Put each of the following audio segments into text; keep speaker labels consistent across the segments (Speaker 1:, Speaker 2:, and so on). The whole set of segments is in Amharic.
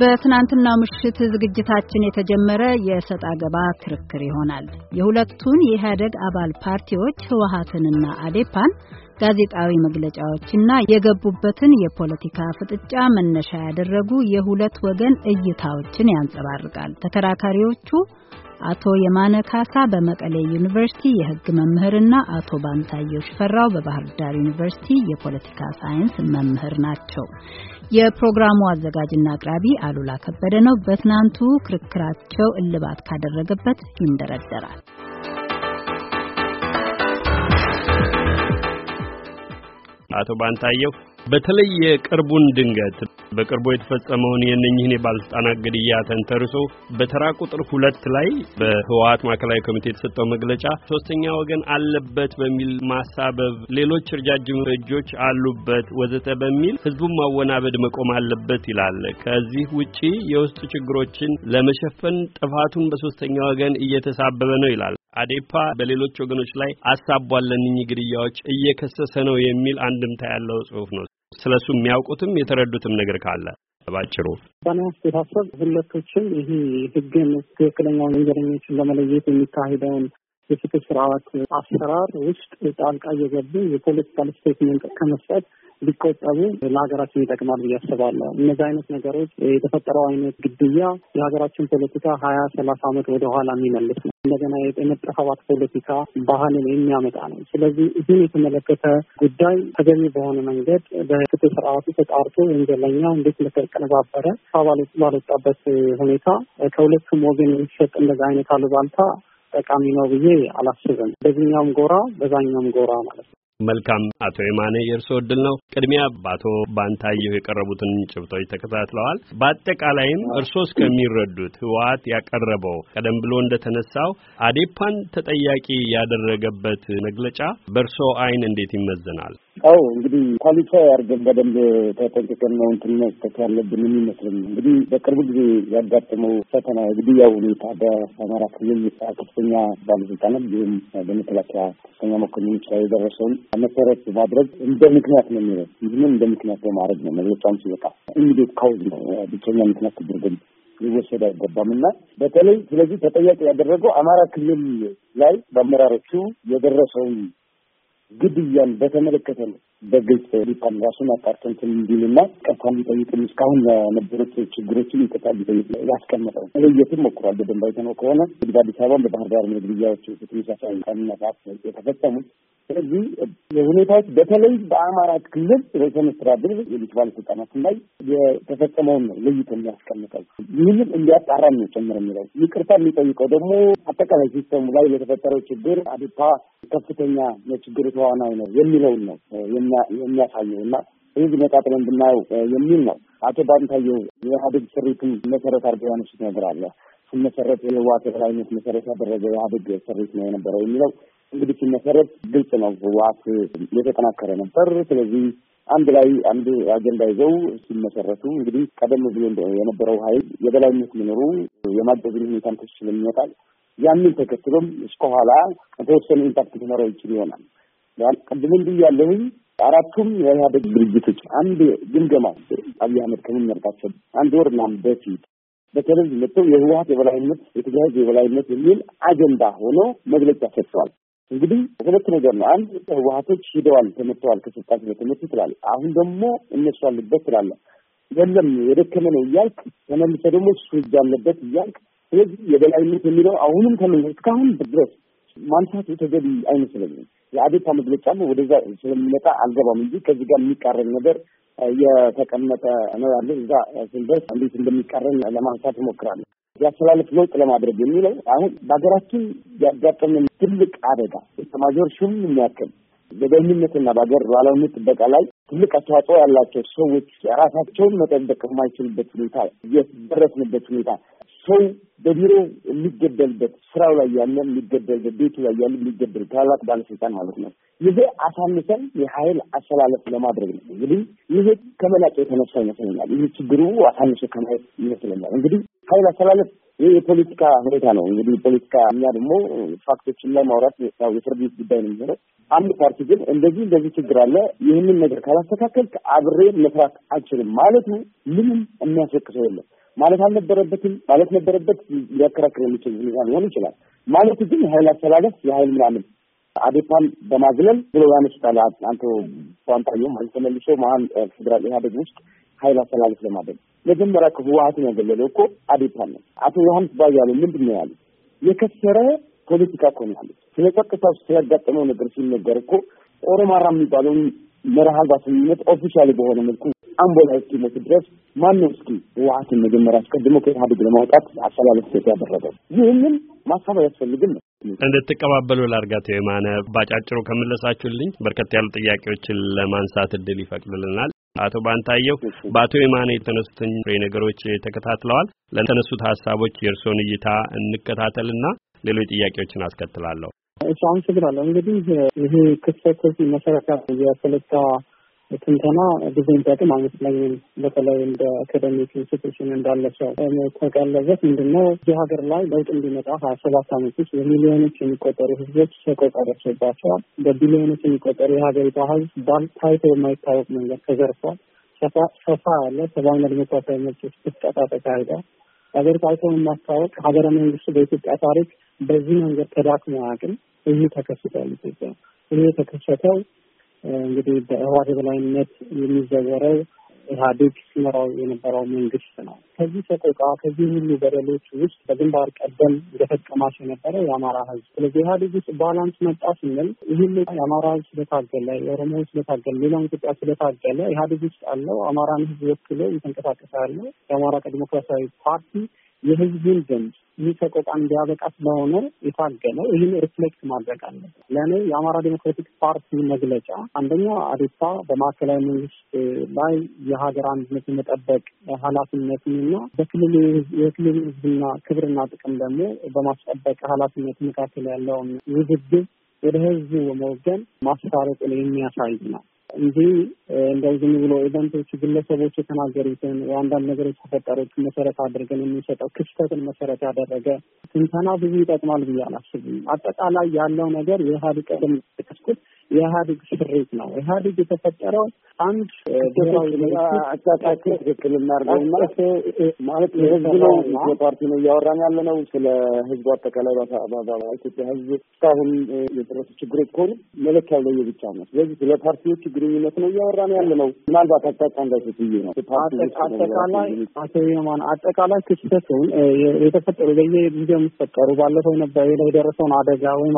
Speaker 1: በትናንትናው ምሽት ዝግጅታችን የተጀመረ የሰጥ አገባ ክርክር ይሆናል። የሁለቱን የኢህአደግ አባል ፓርቲዎች ህወሀትንና አዴፓን ጋዜጣዊ መግለጫዎችና የገቡበትን የፖለቲካ ፍጥጫ መነሻ ያደረጉ የሁለት ወገን እይታዎችን ያንጸባርቃል። ተከራካሪዎቹ አቶ የማነ ካሳ በመቀሌ ዩኒቨርሲቲ የሕግ መምህርና አቶ ባንታየው ሽፈራው በባህር ዳር ዩኒቨርሲቲ የፖለቲካ ሳይንስ መምህር ናቸው። የፕሮግራሙ አዘጋጅና አቅራቢ አሉላ ከበደ ነው። በትናንቱ ክርክራቸው እልባት ካደረገበት ይንደረደራል።
Speaker 2: አቶ ባንታየው በተለይ የቅርቡን ድንገት በቅርቡ የተፈጸመውን የእነኝህን የባለስልጣናት ግድያ ተንተርሶ በተራ ቁጥር ሁለት ላይ በህወሀት ማዕከላዊ ኮሚቴ የተሰጠው መግለጫ ሶስተኛ ወገን አለበት በሚል ማሳበብ፣ ሌሎች እርጃጅም እጆች አሉበት ወዘተ በሚል ህዝቡን ማወናበድ መቆም አለበት ይላል። ከዚህ ውጪ የውስጥ ችግሮችን ለመሸፈን ጥፋቱን በሶስተኛ ወገን እየተሳበበ ነው ይላል። አዴፓ በሌሎች ወገኖች ላይ አሳቧል እነኚህ ግድያዎች እየከሰሰ ነው የሚል አንድምታ ያለው ጽሁፍ ነው። ስለ እሱ የሚያውቁትም የተረዱትም ነገር ካለ ባጭሩ
Speaker 3: በእኔ አስተሳሰብ ሁለቶችም ይህ ህግን ትክክለኛ ወንጀለኞችን ለመለየት የሚካሄደውን የፍትህ ስርዓት አሰራር ውስጥ ጣልቃ እየገቡ የፖለቲካል ስቴትመንት ከመስጠት ሊቆጠቡ ለሀገራችን ይጠቅማል ብዬ አስባለሁ። እነዚህ አይነት ነገሮች የተፈጠረው አይነት ግድያ የሀገራችን ፖለቲካ ሀያ ሰላሳ አመት ወደኋላ የሚመልስ ነው። እንደገና የመጠፋፋት ፖለቲካ ባህልን የሚያመጣ ነው። ስለዚህ ይህን የተመለከተ ጉዳይ ተገቢ በሆነ መንገድ በፍትህ ስርዓቱ ተጣርቶ ወንጀለኛ እንዴት እንደተቀነባበረ ባልወጣበት ሁኔታ ከሁለቱም ወገን የሚሰጥ እንደዚህ አይነት አሉባልታ ጠቃሚ ነው ብዬ አላስብም። በዚህኛውም ጎራ በዛኛውም ጎራ ማለት ነው።
Speaker 2: መልካም አቶ የማነ የእርስዎ እድል ነው። ቅድሚያ በአቶ ባንታየሁ የቀረቡትን ጭብጦች ተከታትለዋል። በአጠቃላይም እርስዎ እስከሚረዱት ህወሓት ያቀረበው ቀደም ብሎ እንደተነሳው አዴፓን ተጠያቂ ያደረገበት መግለጫ በእርስዎ አይን እንዴት ይመዘናል?
Speaker 3: አዎ እንግዲህ ኳሊፋይ አድርገን በደንብ ተጠንቅቀን ነው እንትን መስጠት ያለብን የሚመስለኝ። እንግዲህ በቅርብ ጊዜ ያጋጠመው ፈተና የግድያ ሁኔታ በአማራ ክልል ከፍተኛ ባለስልጣናት እንዲሁም በመከላከያ ከፍተኛ መኮንኖች ላይ የደረሰውን መሰረት ማድረግ እንደ ምክንያት ነው የሚለው ይህንም እንደ ምክንያት በማድረግ ነው መግለጫም ሲበቃ እንግዲህ ካውዝ ነው ብቸኛ ምክንያት ተደርገን ሊወሰድ አይገባም እና በተለይ ስለዚህ ተጠያቂ ያደረገው አማራ ክልል ላይ በአመራሮቹ የደረሰውን ግድያን በተመለከተ ነው። በግልጽ ሊቃን ራሱን አጣርተንትን እንዲልና ቀርታ ሊጠይቅም እስካሁን የነበሩት ችግሮችን ይቀጣ ሊጠይቅ ያስቀመጠው ለየትም ሞክሯል። በደንብ አይተነው ከሆነ እንግዲህ በአዲስ አበባን በባህር ዳር ግድያዎች ተመሳሳይ ቀንነት ሰዓት የተፈጸሙት ስለዚህ ሁኔታዎች በተለይ በአማራ ክልል ርዕሰ መስተዳድር ሌሎች ባለስልጣናትን ላይ የተፈጸመውን ነው ለይቶ የሚያስቀምጠው ይህንም እንዲያጣራ ነው ጨምር የሚለው ይቅርታ የሚጠይቀው ደግሞ አጠቃላይ ሲስተሙ ላይ ለተፈጠረው ችግር አዴፓ ከፍተኛ ችግር ተዋናይ ነው የሚለውን ነው የሚያሳየው እና ስለዚህ መቃጥለን እንድናየው የሚል ነው። አቶ ባንታየው የኢህአዴግ ስሪቱን መሰረት አድርገው ያነሱት ነገር አለ። ሲመሰረት የህወሓት የበላይነት መሰረት ያደረገ የኢህአዴግ ስሪት ነው የነበረው የሚለው እንግዲህ ሲመሰረት ግልጽ ነው፣ ህወሓት የተጠናከረ ነበር። ስለዚህ አንድ ላይ አንድ አጀንዳ ይዘው ሲመሰረቱ እንግዲህ ቀደም ብሎ የነበረው ሀይል የበላይነት መኖሩ የማገዝን ሁኔታን ክስ ስለሚመጣል ያንን ተከትሎም እስከኋላ የተወሰኑ ኢምፓክት ሊኖረው ይችል ይሆናል። ቅድምም ያለሁኝ አራቱም የኢህአዴግ ድርጅቶች አንድ ግምገማ አብይ አህመድ ከሚመርጣቸው አንድ ወር ምናምን በፊት በተለይ መጥተው የህወሀት የበላይነት የተደራጀ የበላይነት የሚል አጀንዳ ሆኖ መግለጫ ሰጥተዋል። እንግዲህ ሁለት ነገር ነው። አንድ ህወሀቶች ሂደዋል፣ ተመተዋል፣ ከስልጣን ስለተመቱ ትላለህ። አሁን ደግሞ እነሱ አለበት ትላለህ። የለም የደከመ ነው እያልክ ተመልሰ ደግሞ እሱ እጅ አለበት እያልክ ስለዚህ የበላይነት የሚለው አሁንም ተመልሰ እስካሁን ድረስ ማንሳቱ ተገቢ አይመስለኝም። የአዴታ መግለጫ ወደዛ ስለሚመጣ አልገባም እንጂ ከዚህ ጋር የሚቃረን ነገር የተቀመጠ ነው ያለ እዛ ስንደርስ እንዴት እንደሚቃረን ለማንሳት እሞክራለሁ። የአስተላለፍ ለውጥ ለማድረግ የሚለው አሁን በሀገራችን ያጋጠመን ትልቅ አደጋ የኤታማዦር ሹም የሚያክል በደህንነትና በሀገር ሉዓላዊነት ጥበቃ ላይ ትልቅ አስተዋጽኦ ያላቸው ሰዎች ራሳቸውን መጠበቅ የማይችልበት ሁኔታ የደረስንበት ሁኔታ ሰው በቢሮ የሚገደልበት ስራው ላይ ያለ የሚገደልበት ቤቱ ላይ ያለ የሚገደል ታላቅ ባለስልጣን ማለት ነው። ይሄ አሳንሰን የሀይል አሰላለፍ ለማድረግ ነው። እንግዲህ ይሄ ከመላጭ የተነሳ ይመስለኛል። ይህ ችግሩ አሳንሶ ከማየት ይመስለኛል። እንግዲህ ሀይል አሰላለፍ ይህ የፖለቲካ ሁኔታ ነው። እንግዲህ ፖለቲካ እኛ ደግሞ ፋክቶችን ላይ ማውራት ያው የፍርድ ቤት ጉዳይ ነው የሚሆነው። አንድ ፓርቲ ግን እንደዚህ እንደዚህ ችግር አለ፣ ይህንን ነገር ካላስተካከልክ አብሬ መስራት አልችልም ማለቱ ምንም የሚያስወቅሰው የለም። ማለት አልነበረበትም ማለት ነበረበት ሊያከራክር የሚችል ሁኔታ ሊሆን ይችላል። ማለቱ ግን የሀይል አስተላለፍ የሀይል ምናምን አዴፓን በማግለል ብሎ ያነሱታል። አንተ ፓንታዮ ማለት ተመልሶ መሀል ፌዴራል ኢህአዴግ ውስጥ ሀይል አስተላለፍ ለማድረግ መጀመሪያ ህወሀትን ያገለለው እኮ አዴፓ ነው። አቶ ዮሀንስ ባያሉ ያሉ ምንድን ነው ያሉት? የከሰረ ፖለቲካ እኮ ነው ያሉት። ስለ ጸጥታ ስለያጋጠመው ነገር ሲነገር እኮ ኦሮማራ የሚባለውን መርሃ አልባ ስምምነት ኦፊሻል በሆነ መልኩ አምቦ ላይ እስኪሞት ድረስ ማነው እስኪ ህወሀትን መጀመሪያ አስቀድሞ ከኢህአዴግ ለማውጣት አሰላለፍ ሴት ያደረገው? ይህንን ማሳብ አያስፈልግም ነው
Speaker 2: እንድትቀባበሉ ላርጋቶ የማነ ባጫጭሩ ከመለሳችሁልኝ በርከት ያሉ ጥያቄዎችን ለማንሳት እድል ይፈቅድልናል። አቶ ባንታየው በአቶ የማነ የተነሱትን ፍሬ ነገሮች ተከታትለዋል። ለተነሱት ሀሳቦች የእርስዎን እይታ እንከታተልና ሌሎች ጥያቄዎችን አስከትላለሁ።
Speaker 3: እሺ፣ አመሰግናለሁ። እንግዲህ ይሄ ክስተት መሰረታዊ የፖለቲካ ትንተና ዲዛይን ጥያቄም አይመስለኝም። በተለይ እንደ አካደሚክ ኢንስቲቱሽን እንዳለ ሰው ተቀለበት ምንድነው እዚህ ሀገር ላይ ለውጥ እንዲመጣ ሀያ ሰባት አመት ውስጥ በሚሊዮኖች የሚቆጠሩ ህዝቦች ሰቆቃ ደርሶባቸዋል። በቢሊዮኖች የሚቆጠሩ የሀገሪቷ ህዝብ ታይቶ የማይታወቅ መንገድ ተዘርፏል። ሰፋ ያለ ሰብአዊና ዲሞክራሲያዊ መብቶች ጥሰት ተካሂዷል። ሀገር ታይቶ የማታወቅ ሀገረ መንግስቱ በኢትዮጵያ ታሪክ በዚህ መንገድ ተዳክሞ አያውቅም። ይህ ተከስቷል። ኢትዮጵያ ይህ የተከሰተው እንግዲህ በህዋት የበላይነት የሚዘወረው ኢህአዴግ ሲመራው የነበረው መንግስት ነው። ከዚህ ሰቆቃ ከዚህ ሁሉ በደሎች ውስጥ በግንባር ቀደም እንደተቀማሽ የነበረ የአማራ ህዝብ። ስለዚህ ኢህአዴግ ውስጥ ባላንስ መጣ ስንል ይህን የአማራ ህዝብ ስለታገለ፣ የኦሮሞ ህዝብ ስለታገለ፣ ሌላው ኢትዮጵያ ስለታገለ ኢህአዴግ ውስጥ አለው አማራን ህዝብ ወክሎ እየተንቀሳቀሰ ያለው የአማራ ዲሞክራሲያዊ ፓርቲ የህዝቡን ዘንድ ይህ ሰቆቃ እንዲያበቃ ስለሆነ የታገለ ይህን ሪፍሌክት ማድረግ አለበት። ለእኔ የአማራ ዴሞክራቲክ ፓርቲ መግለጫ አንደኛ አዴፓ በማዕከላዊ መንግስት ላይ የሀገር አንድነት የመጠበቅ ኃላፊነትንና በክልሉ የክልሉ ህዝብና ክብርና ጥቅም ደግሞ በማስጠበቅ ኃላፊነት መካከል ያለውን ውዝግብ ወደ ህዝቡ መወገን ላይ የሚያሳይ ነው። እንጂ እንደው ዝም ብሎ ኢቨንቶች ግለሰቦች የተናገሩትን የአንዳንድ ነገሮች ተፈጠሮች መሰረት አድርገን የሚሰጠው ክስተትን መሰረት ያደረገ ትንተና ብዙ ይጠቅማል ብዬ አላስብም። አጠቃላይ ያለው ነገር የኢህአዴግ ቀደም ጠቀስኩት የኢህአዴግ ስሪት ነው። ኢህአዴግ የተፈጠረው አንድ ብሔራዊ አቻታችን ትክክል እናድርገው ማለት የህዝብ ነው ስለ ፓርቲ ነው እያወራን ያለ ነው። ስለ ህዝቡ አጠቃላይ ኢትዮጵያ ህዝብ እስካሁን የደረሱ ችግሮች ከሆኑ መለክ ለየ የብቻ ነው። ስለዚህ ስለ ፓርቲዎቹ ግንኙነት ነው እያወራን ያለ ነው። ምናልባት አቅጣጫ እንዳይሰት ነው አጠቃላይ አቶ የማን አጠቃላይ ክስተቱን የተፈጠሩ በየ ጊዜው የሚፈጠሩ ባለፈው ነበር የደረሰውን አደጋ ወይም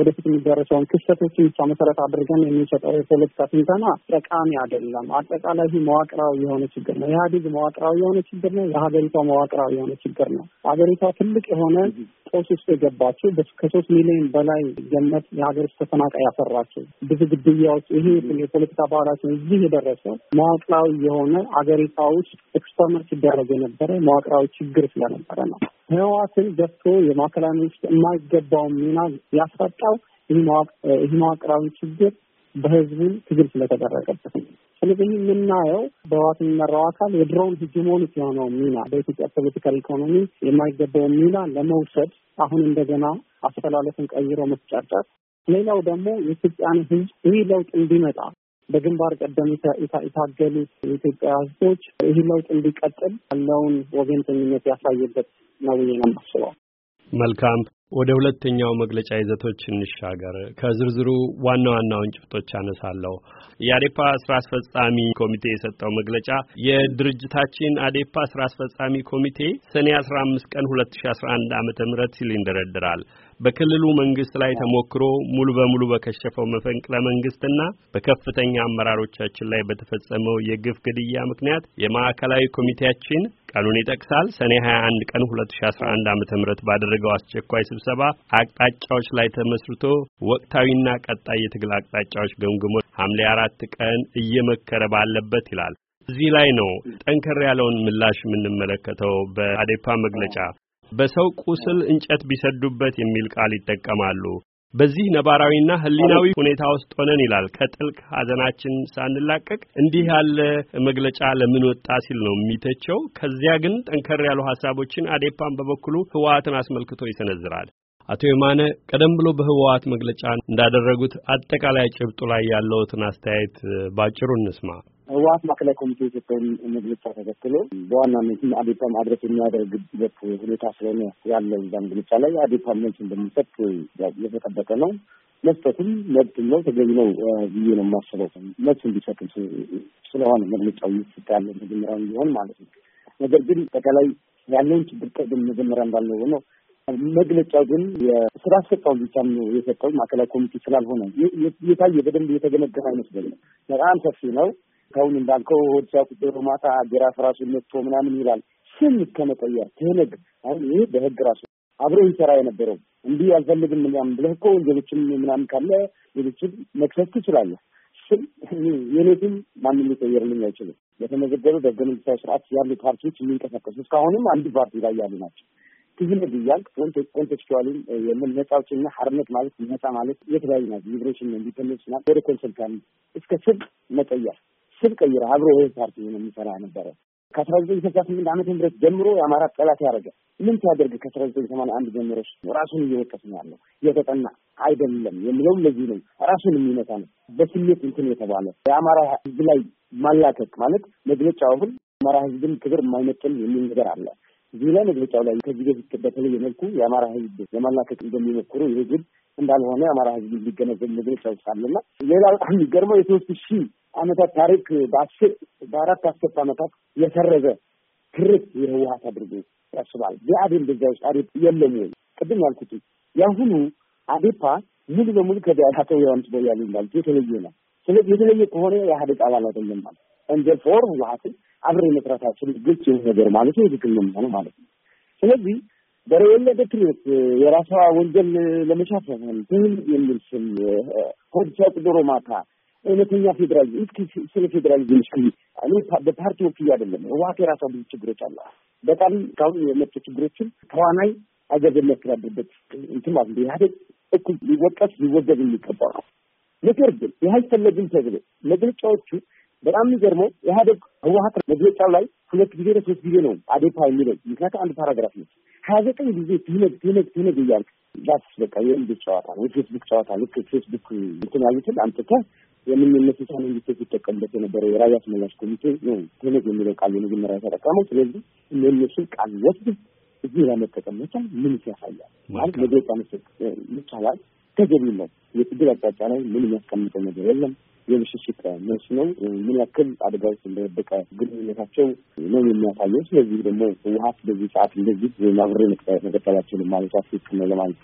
Speaker 3: ወደፊት የሚደረሰውን ክስተቶችን ብቻ መሰረት አድርገን የሚሰጠው የፖለቲካ ትንተና ጠቃሚ አይደለም። አጠቃላይ መዋቅራዊ የሆነ ችግር ነው። ኢህአዴግ መዋቅራዊ የሆነ ችግር ነው። የሀገሪቷ መዋቅራዊ የሆነ ችግር ነው። ሀገሪቷ ትልቅ የሆነ ጦስ ውስጥ የገባችው ከሶስት ሚሊዮን በላይ ገመት የሀገር ውስጥ ተፈናቃይ ያፈራችው ብዙ ግድያዎች፣ ይሄ የፖለቲካ ባህላችን እዚህ የደረሰው መዋቅራዊ የሆነ ሀገሪቷ ውስጥ ኤክስፐርመንት ሲደረግ የነበረ መዋቅራዊ ችግር ስለነበረ ነው። ህወሓትን ገፍቶ የማዕከላዊ ውስጥ የማይገባውን ሚና ያስፈጣው ይህ መዋቅራዊ ችግር በህዝብን ትግል ስለተደረገበት ነው። ስለዚህ የምናየው በህወሓት የሚመራው አካል የድሮውን ሂጂሞኒክ የሆነው ሚና በኢትዮጵያ ፖለቲካል ኢኮኖሚ የማይገባውን ሚና ለመውሰድ አሁን እንደገና አስተላለፍን ቀይሮ መስጫጫት፣ ሌላው ደግሞ የኢትዮጵያን ህዝብ ይህ ለውጥ እንዲመጣ በግንባር ቀደም የታገሉ የኢትዮጵያ ህዝቦች ይህ ለውጥ እንዲቀጥል ያለውን ወገንተኝነት ያሳየበት ነው ብዬ ነው የማስበው።
Speaker 2: መልካም ወደ ሁለተኛው መግለጫ ይዘቶች እንሻገር። ከዝርዝሩ ዋና ዋናውን ጭብጦች አነሳለሁ። የአዴፓ ስራ አስፈጻሚ ኮሚቴ የሰጠው መግለጫ የድርጅታችን አዴፓ ስራ አስፈጻሚ ኮሚቴ ሰኔ 15 ቀን 2011 ዓ.ም ሲል ይንደረድራል። በክልሉ መንግስት ላይ ተሞክሮ ሙሉ በሙሉ በከሸፈው መፈንቅለ መንግስትና በከፍተኛ አመራሮቻችን ላይ በተፈጸመው የግፍ ግድያ ምክንያት የማዕከላዊ ኮሚቴያችን ቀኑን ይጠቅሳል ሰኔ 21 ቀን 2011 ዓ.ም ባደረገው አስቸኳይ ስብሰባ አቅጣጫዎች ላይ ተመስርቶ ወቅታዊና ቀጣይ የትግል አቅጣጫዎች ገምግሞ ሐምሌ አራት ቀን እየመከረ ባለበት ይላል። እዚህ ላይ ነው ጠንከር ያለውን ምላሽ የምንመለከተው። በአዴፓ መግለጫ በሰው ቁስል እንጨት ቢሰዱበት የሚል ቃል ይጠቀማሉ። በዚህ ነባራዊና ሕሊናዊ ሁኔታ ውስጥ ሆነን ይላል ከጥልቅ ሐዘናችን ሳንላቀቅ እንዲህ ያለ መግለጫ ለምን ወጣ ሲል ነው የሚተቸው። ከዚያ ግን ጠንከር ያሉ ሀሳቦችን አዴፓን በበኩሉ ህወሓትን አስመልክቶ ይሰነዝራል። አቶ የማነ ቀደም ብሎ በህወሓት መግለጫ እንዳደረጉት አጠቃላይ ጭብጡ ላይ ያለውትን አስተያየት ባጭሩ እንስማ።
Speaker 3: ህወሀት ማዕከላዊ ኮሚቴ የሰጠውን መግለጫ ተከትሎ በዋናነት አዴፓም አድረስ የሚያደርግበት ሁኔታ ስለሆነ ያለው እዛ መግለጫ ላይ አዴፓ መልስ እንደሚሰጥ የተጠበቀ ነው። መስጠትም መብት ነው፣ ተገቢ ነው ብዬ ነው የማስበው። መልስ እንዲሰጥ ስለሆነ መግለጫው እየተሰጠ ያለ መጀመሪያ ቢሆን ማለት ነው። ነገር ግን አጠቃላይ ያለውን ችግር ቅድም መጀመሪያ እንዳለው ሆኖ መግለጫው ግን የስራ አስፈጻሚ ብቻ ነው የሰጠው ማዕከላዊ ኮሚቴ ስላልሆነ የታየ በደንብ እየተገመገመ አይመስለኝም። በጣም ሰፊ ነው። እስካሁን እንዳልከው ሆድ ሳቁ ማታ ገራፍ ራሱ መጥቶ ምናምን ይላል። ስም ከመቀየር ትህነግ አሁን ይህ በህግ ራሱ አብሮ ይሰራ የነበረው እንዲህ አልፈልግም ምናምን ብለህ እኮ ሌሎችም ምናምን ካለ ሌሎችም መክሰስ ትችላለህ። ስም የኔትም ማንም ሊቀየርልኝ አይችልም። በተመዘገበ በህገ መንግስታዊ ስርዓት ያሉ ፓርቲዎች የሚንቀሳቀሱ እስካሁንም አንድ ፓርቲ ላይ ያሉ ናቸው። ትህነግ ብያል ኮንቴክስቹዋልን የምን ነፃዎችና ሀርነት ማለት ነጻ ማለት የተለያዩ ናቸው። ሊብሬሽን ዲፐንደንስ ወደ ኮንሰልታን እስከ ስብ መቀየር ስብ ቀይረ አብሮ ወህብ ፓርቲ የሚሰራ ነበረ። ከአስራ ዘጠኝ ስልሳ ስምንት ዓመት ምህረት ጀምሮ የአማራ ጠላት ያደረገ ምን ሲያደርግ ከአስራ ዘጠኝ ሰማንያ አንድ ጀምሮ ራሱን እየወቀስ ነው ያለው። የተጠና አይደለም የሚለው ለዚህ ነው። ራሱን የሚመታ ነው። በስሜት እንትን የተባለ የአማራ ህዝብ ላይ ማላከቅ ማለት መግለጫ መግለጫውን አማራ ህዝብን ክብር የማይመጥል የሚል ነገር አለ። እዚህ ላይ መግለጫው ላይ ከዚህ በፊት በተለየ መልኩ የአማራ ህዝብ ለማላከቅ እንደሚሞክሩ ይህ ግብ እንዳልሆነ የአማራ ሕዝብ እንዲገነዘብ መግለጫው ና ሌላ የሚገርመው የሶስት ሺህ አመታት ታሪክ በአስር በአራት አስርት አመታት የሰረዘ ትርክ የህወሀት አድርጎ ያስባል። ብአዴን በዛ ውስጥ አዴ የለም ወይ ቅድም ያልኩት የአሁኑ አዴፓ ሙሉ በሙሉ ከአቶ ዮሐንስ ቦያሉ እንዳሉት የተለየ ነው። ስለዚህ የተለየ ከሆነ የኢህአዴግ አባል አይደለም ማለት እንጀል ፎር ህወሀትን አብረ መስራታችን ግልጽ የሆነ ነገር ማለት ነው ትክክል ነው ማለት ነው። ስለዚህ ዘር የለሽ የራሷ ወንጀል ለመሻፈን ትህል የሚል ስም ሆድ ዶሮ ማታ እውነተኛ ፌዴራሊዝም እስኪ ስለ ፌዴራሊዝም እስኪ እኔ በፓርቲ ወክዬ አይደለም ህወሓት የራሷ ብዙ ችግሮች አለ። በጣም ካሁን የመጡ ችግሮችን ተዋናይ አገር የሚያስተዳድርበት እንትን ማለት ነው። ኢህአዴግ እኩል ሊወቀስ ሊወገዝ የሚገባ ነው። ነገር ግን ይህ አይፈለግም ተብሎ መግለጫዎቹ በጣም የሚገርመው ኢህአዴግ ህወሀት መግለጫው ላይ ሁለት ጊዜ ነው ሶስት ጊዜ ነው አዴፓ የሚለው ምክንያቱ አንድ ፓራግራፍ ነው። ሀያ ዘጠኝ ጊዜ ትነግ ትነግ ትነግ እያልክ ዛስ በቃ የእንድ ጨዋታ ነው የፌስቡክ ጨዋታ ልክ ፌስቡክ እንትን ያሉትን አምጥተህ የምንነሱሳን እንዲሴት ሲጠቀምበት የነበረው የራያ አስመላሽ ኮሚቴ ነው ትህነግ የሚለው ቃል የመጀመሪያ ተጠቀመው። ስለዚህ እነሱን ቃል ወስድ እዚህ ለመጠቀም መቻል ምን ያሳያል ማለት መግለጫ መሰጥ ይቻላል ተገቢ ነው። የትግል አቅጣጫ ላይ ምን የሚያስቀምጠው ነገር የለም። የብሽሽቅ መስኖ ምን ያክል አደጋ ውስጥ እንደወደቀ ግንኙነታቸው ነው የሚያሳየው። ስለዚህ ደግሞ ህወሀት በዚህ ሰዓት እንደዚህ ማብሬ መቀጠላቸውን ማለቷ ትክክል ነው ለማለት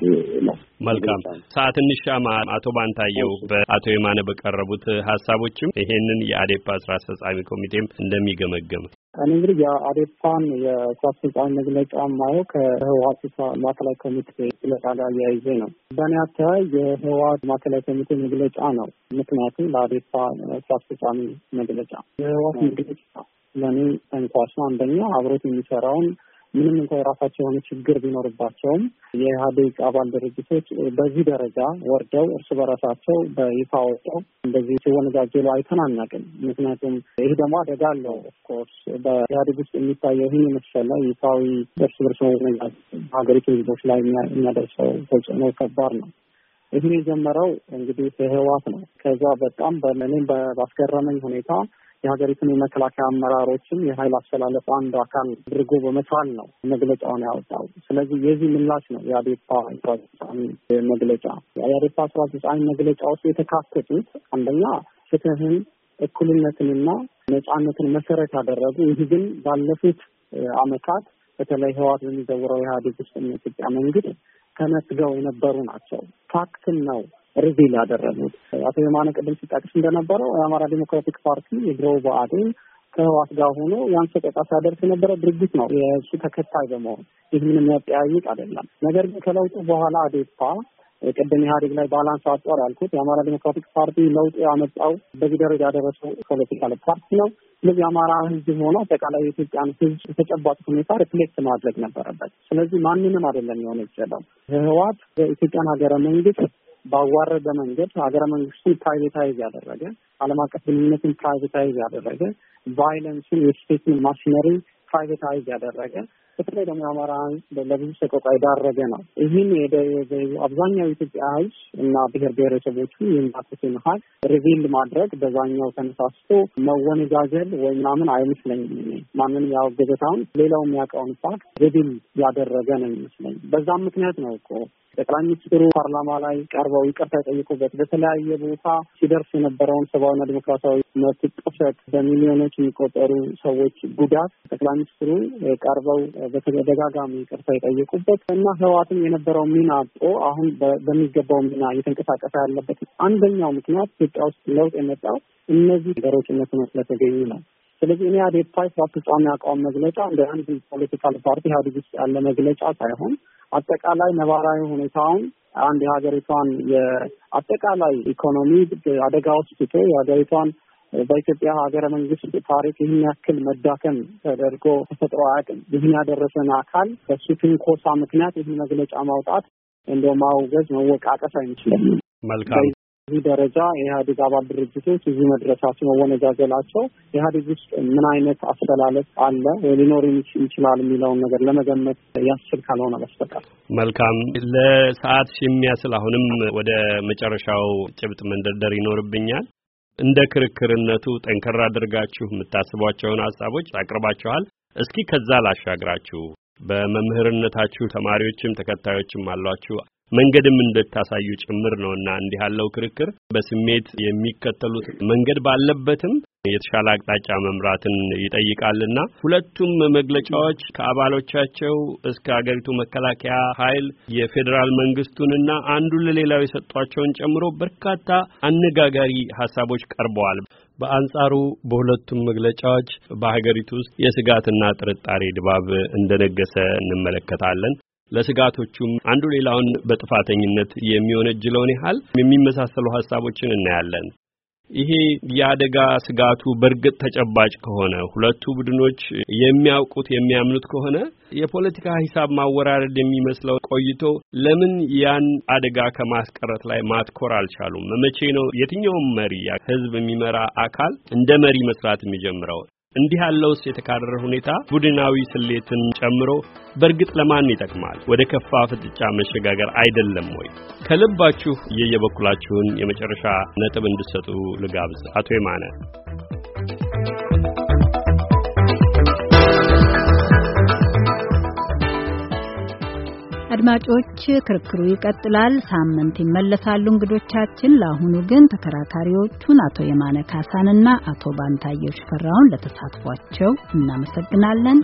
Speaker 3: ነው። መልካም
Speaker 2: ሰዓት እንሻማ። አቶ ባንታየው በአቶ የማነ በቀረቡት ሀሳቦችም ይሄንን የአዴፓ ስራ አስፈጻሚ ኮሚቴም እንደሚገመገም
Speaker 3: እኔ እንግዲህ የአዴፓን የስራ አስፈጻሚ መግለጫ ማየው ከህወሀት ማዕከላዊ ኮሚቴ መግለጫ ጋር አያይዤ ነው። በእኔ አተያይ የህወሀት ማዕከላዊ ኮሚቴ መግለጫ ነው። ምክንያቱም ለአዴፓ ስራ አስፈጻሚ መግለጫ የህወሀት መግለጫ ለእኔ ተንኳሽ አንደኛ አብሮት የሚሰራውን ምንም እንኳ የራሳቸው የሆነ ችግር ቢኖርባቸውም የኢህአዴግ አባል ድርጅቶች በዚህ ደረጃ ወርደው እርስ በራሳቸው በይፋ ወጥተው እንደዚህ ሲወነጃጀሉ አይተናናቅም። ምክንያቱም ይህ ደግሞ አደጋ አለው። ኦፍኮርስ በኢህአዴግ ውስጥ የሚታየው ይህን የመሰለ ይፋዊ እርስ በርስ መወነጃጀል ሀገሪቱ ህዝቦች ላይ የሚያደርሰው ተጽዕኖ ከባድ ነው። ይህን የጀመረው እንግዲህ ህወሓት ነው። ከዛ በጣም በእኔም ባስገረመኝ ሁኔታ የሀገሪቱን የመከላከያ አመራሮችን የሀይል አስተላለፉ አንዱ አካል አድርጎ በመቷል ነው መግለጫውን ያወጣው። ስለዚህ የዚህ ምላሽ ነው የአዴፓ ስራ አስፈጻሚ መግለጫ። የአዴፓ ስራ አስፈጻሚ መግለጫ ውስጥ የተካተቱት አንደኛ ፍትህን፣ እኩልነትንና ነጻነትን መሰረት ያደረጉ ይህ ግን ባለፉት አመታት በተለይ ህወሓት በሚዘውረው የኢህአዴግ ውስጥ ኢትዮጵያ መንግድ ተነፍገው የነበሩ ናቸው። ፋክትን ነው ሪቪል ያደረጉት አቶ የማነ ቅድም ሲጠቅስ እንደነበረው የአማራ ዴሞክራቲክ ፓርቲ የድሮ ብአዴን ከህዋት ጋር ሆኖ ያን ሰቆቃ ሲያደርስ የነበረ ድርጅት ነው። የእሱ ተከታይ በመሆን ይህምን የሚያጠያይቅ አይደለም። ነገር ግን ከለውጡ በኋላ አዴፓ ቅድም ኢህአዴግ ላይ ባላንስ አጧር ያልኩት የአማራ ዴሞክራቲክ ፓርቲ ለውጡ ያመጣው በዚህ ደረጃ ያደረሰው ፖለቲካል ፓርቲ ነው። ስለዚህ የአማራ ህዝብ ሆነ አጠቃላይ የኢትዮጵያን ህዝብ የተጨባጭ ሁኔታ ሪፍሌክት ማድረግ ነበረበት። ስለዚህ ማንንም አይደለም የሆነ ይችላል ህዋት በኢትዮጵያን ሀገረ መንግስት ባዋረደ መንገድ ሀገረ መንግስቱን ፕራይቬታይዝ ያደረገ ዓለም አቀፍ ግንኙነትን ፕራይቬታይዝ ያደረገ ቫይለንስን የስቴትን ማሽነሪ ፕራይቬታይዝ ያደረገ በተለይ ደግሞ የአማራ ለብዙ ሰቆቃ የዳረገ ነው። ይህም አብዛኛው ኢትዮጵያ ሕዝብ እና ብሔር ብሔረሰቦቹ ይህን ባትሴ መሀል ሪቪል ማድረግ በዛኛው ተነሳስቶ መወነጃጀል ወይ ምናምን አይመስለኝም። ማንንም ያወገዘታውን ሌላው የሚያውቀውን ፋክት ሪቪል ያደረገ ነው ይመስለኝ። በዛም ምክንያት ነው እኮ ጠቅላይ ሚኒስትሩ ፓርላማ ላይ ቀርበው ይቅርታ የጠየቁበት በተለያየ ቦታ ሲደርስ የነበረውን ሰብአዊና ዲሞክራሲያዊ መብት ጥሰት፣ በሚሊዮኖች የሚቆጠሩ ሰዎች ጉዳት ጠቅላይ ሚኒስትሩ ቀርበው በተደጋጋሚ ይቅርታ የጠየቁበት እና ህወሓትም የነበረው ሚና አጦ አሁን በሚገባው ሚና እየተንቀሳቀሰ ያለበት አንደኛው ምክንያት ኢትዮጵያ ውስጥ ለውጥ የመጣው እነዚህ ነገሮች እውነት ስለተገኙ ነው። ስለዚህ እኔ አዴፓ የስራ አስፈጻሚ አቋም መግለጫ እንደ አንድ ፖለቲካል ፓርቲ ኢህአዴግ ውስጥ ያለ መግለጫ ሳይሆን አጠቃላይ ነባራዊ ሁኔታውን አንድ የሀገሪቷን የአጠቃላይ ኢኮኖሚ አደጋ ውስጥ ትቶ የሀገሪቷን በኢትዮጵያ ሀገረ መንግስት ታሪክ ይህን ያክል መዳከም ተደርጎ ተፈጥሮ አያውቅም። ይህን ያደረሰን አካል በሱ ትንኮሳ ምክንያት ይህን መግለጫ ማውጣት እንደ ማውገዝ መወቃቀስ አይመስለኝም። መልካም በዚህ ደረጃ የኢህአዴግ አባል ድርጅቶች እዚህ መድረሳቸው መወነጃጀላቸው ኢህአዴግ ውስጥ ምን አይነት አስተላለፍ አለ ሊኖር ይችላል የሚለውን ነገር ለመገመት ያስችል ካልሆነ በስተቀር።
Speaker 2: መልካም ለሰዓት የሚያስል አሁንም ወደ መጨረሻው ጭብጥ መንደርደር ይኖርብኛል። እንደ ክርክርነቱ ጠንከር አድርጋችሁ የምታስቧቸውን ሀሳቦች አቅርባችኋል። እስኪ ከዛ ላሻግራችሁ። በመምህርነታችሁ ተማሪዎችም ተከታዮችም አሏችሁ። መንገድም እንድታሳዩ ጭምር ነውና እንዲህ ያለው ክርክር በስሜት የሚከተሉት መንገድ ባለበትም የተሻለ አቅጣጫ መምራትን ይጠይቃልና ሁለቱም መግለጫዎች ከአባሎቻቸው እስከ አገሪቱ መከላከያ ኃይል የፌዴራል መንግስቱንና አንዱን ለሌላው የሰጧቸውን ጨምሮ በርካታ አነጋጋሪ ሀሳቦች ቀርበዋል። በአንጻሩ በሁለቱም መግለጫዎች በሀገሪቱ ውስጥ የስጋትና ጥርጣሬ ድባብ እንደነገሰ እንመለከታለን። ለስጋቶቹም አንዱ ሌላውን በጥፋተኝነት የሚወነጅለውን ያህል የሚመሳሰሉ ሀሳቦችን እናያለን። ይሄ የአደጋ ስጋቱ በእርግጥ ተጨባጭ ከሆነ ሁለቱ ቡድኖች የሚያውቁት የሚያምኑት ከሆነ የፖለቲካ ሂሳብ ማወራረድ የሚመስለው ቆይቶ ለምን ያን አደጋ ከማስቀረት ላይ ማትኮር አልቻሉም? መቼ ነው የትኛውም መሪ ህዝብ የሚመራ አካል እንደ መሪ መስራት የሚጀምረው? እንዲህ ያለውስ የተካረረ ሁኔታ ቡድናዊ ስሌትን ጨምሮ በእርግጥ ለማን ይጠቅማል? ወደ ከፋ ፍጥጫ መሸጋገር አይደለም ወይ? ከልባችሁ የየበኩላችሁን የመጨረሻ ነጥብ እንድትሰጡ ልጋብዝ። አቶ የማነ
Speaker 1: አድማጮች ክርክሩ ይቀጥላል። ሳምንት ይመለሳሉ እንግዶቻችን። ለአሁኑ ግን ተከራካሪዎቹን አቶ የማነ ካሳንና አቶ ባንታየው ሽፈራውን ለተሳትፏቸው እናመሰግናለን።